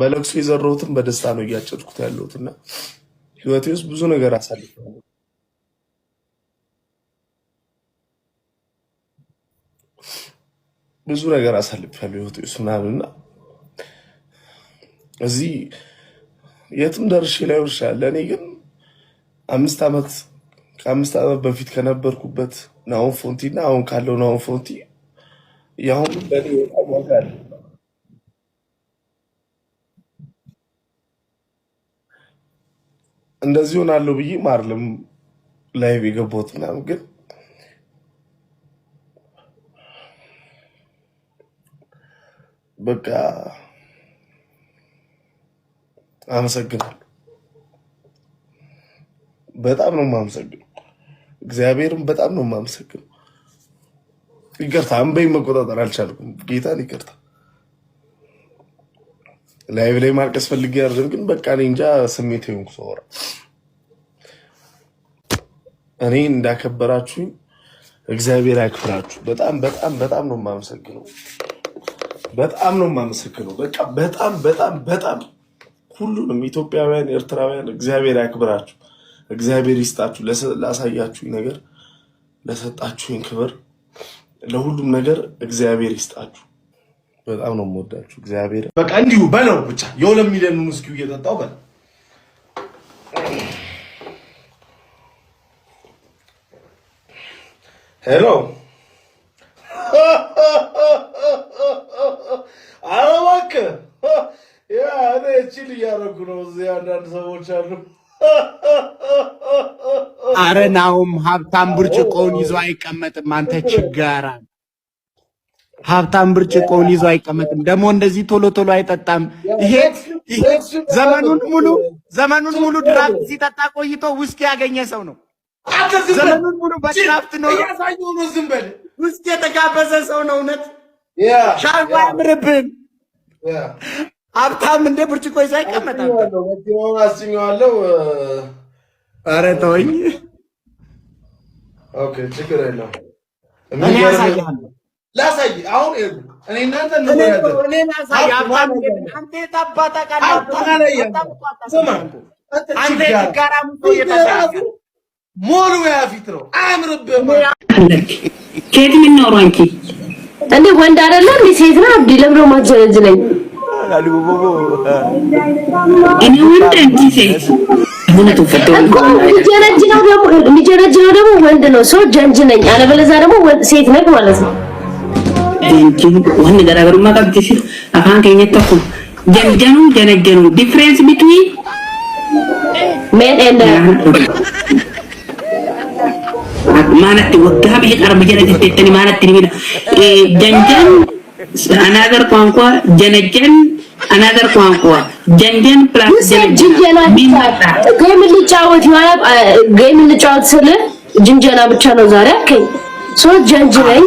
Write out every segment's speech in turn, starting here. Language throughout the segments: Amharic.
በለቅሶ የዘራሁትን በደስታ ነው እያጨድኩት ያለሁት እና ህይወቴ ውስጥ ብዙ ነገር አሳልፈዋለሁ። ብዙ ነገር አሳልፌያለሁ ህይወቴ ውስጥ ምናምን እና እዚህ የትም ደርሼ ላይሆን ይችላል። ለእኔ ግን አምስት ዓመት ከአምስት ዓመት በፊት ከነበርኩበት ናሁን ፎንቲ እና አሁን ካለው ናሁን ፎንቲ የአሁኑ በእኔ በጣም ዋጋ አለው። እንደዚህ ሆናለሁ ብዬ ማርልም ላይ የገባሁት ምናምን ግን በቃ አመሰግናለሁ። በጣም ነው የማመሰግነው። እግዚአብሔርም በጣም ነው የማመሰግነው። ይቅርታ፣ አንበይ መቆጣጠር አልቻልኩም። ጌታን ይቅርታ። ላይቭ ላይ ማልቀስ ፈልጌ አይደለም፣ ግን በቃ እኔ እንጃ ስሜት ሆንኩ። ሰወራ እኔ እንዳከበራችሁኝ እግዚአብሔር ያክብራችሁ። በጣም በጣም በጣም ነው የማመሰግነው። በጣም ነው የማመሰግነው። በቃ በጣም በጣም በጣም ሁሉንም ኢትዮጵያውያን፣ ኤርትራውያን እግዚአብሔር ያክብራችሁ፣ እግዚአብሔር ይስጣችሁ። ላሳያችሁኝ ነገር፣ ለሰጣችሁኝ ክብር፣ ለሁሉም ነገር እግዚአብሔር ይስጣችሁ። በጣም ነው የምወዳችሁ። እግዚአብሔር በቃ እንዲሁ በለው ብቻ የሁለት ሚሊዮን ውስኪ እየጠጣው በል ሄሎ ኧረ እባክህ ያ እኔ እችል እያደረኩ ነው። እዚህ አንዳንድ ሰዎች አሉ። አረናውም ሀብታም ብርጭቆውን ይዞ አይቀመጥም። አንተ ችጋራ ሀብታም ብርጭቆውን ይዞ አይቀመጥም። ደግሞ እንደዚህ ቶሎ ቶሎ አይጠጣም። ይሄ ዘመኑን ሙሉ ዘመኑን ሙሉ ድራፍት ሲጠጣ ቆይቶ ውስኪ ያገኘ ሰው ነው። ዘመኑን ሙሉ በድራፍት ነው ውስኪ የተጋበዘ ሰው ነው። እውነት ሻርባ አያምርብህም። ሀብታም እንደ ብርጭቆ ይዞ አይቀመጣም። አስኛዋለው። ኧረ ተወኝ። ችግር የለው እኔ ያሳያለሁ ላሳይ አሁን እኔ ከየት የሚኖሩ አንቺ እንደ ወንድ አይደለ እንደ ሴት ነው። አብዲ ለብሎ ማጀለጅለኝ ወንድ አንቺ ሴት የሚጀነጅነው ደግሞ ወንድ ነው። ሰው ጀንጅ አለበለዚያ ደግሞ ሴት ነኝ ማለት ነው። leenjii wanni garaagarummaa qabdisi afaan keenyatti akkuma janjanuu janajjanuu difference between men and maanatti waggaa biyya qarba jala jetteettani maanatti nimina janjan anaagar kwankwa janajjan አናገር ቋንቋ ጀንደን ፕላስ ጅንጀና ብቻ ነው ዛሬ አልከኝ። ሶ ጀንጅ ላይ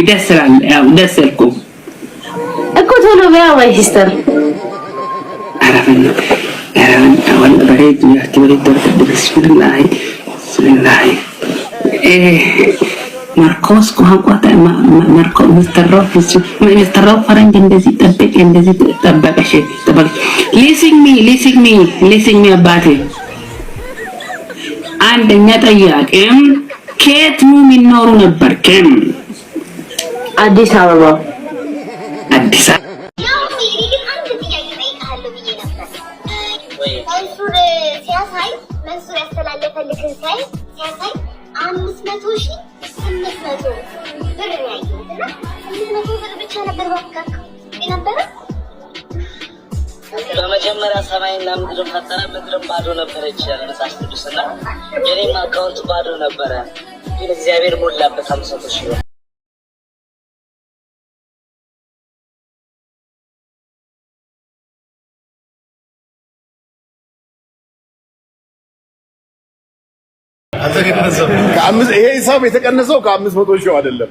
ይደስላል ደስ እኮ እኮ ቶሎ በያ ወይ ሲስተር ማርኮስ ሚስተር ፈረንጅ እንደዚህ ጠበቀ እንደዚህ ጠበቀሽ ሊሲንግ ሚ ሊሲንግ ሚ ሊሲንግ ሚ አባቴ አንደኛ ጠያቄም ከየት ነው የሚኖሩ ነበር? ከም አዲስ አበባ አዲስ አበባ ብቻ ነበር በመጀመሪያ ሰማይና ምድርን ፈጠረ። ምድርን ባዶ ነበረች ይችላል መጽሐፍ ቅዱስ እና የኔም አካውንት ባዶ ነበረ፣ ግን እግዚአብሔር ሞላበት አምሰቶ ሲሆ ይሄ ሂሳብ የተቀነሰው ከአምስት መቶ ሺው አይደለም።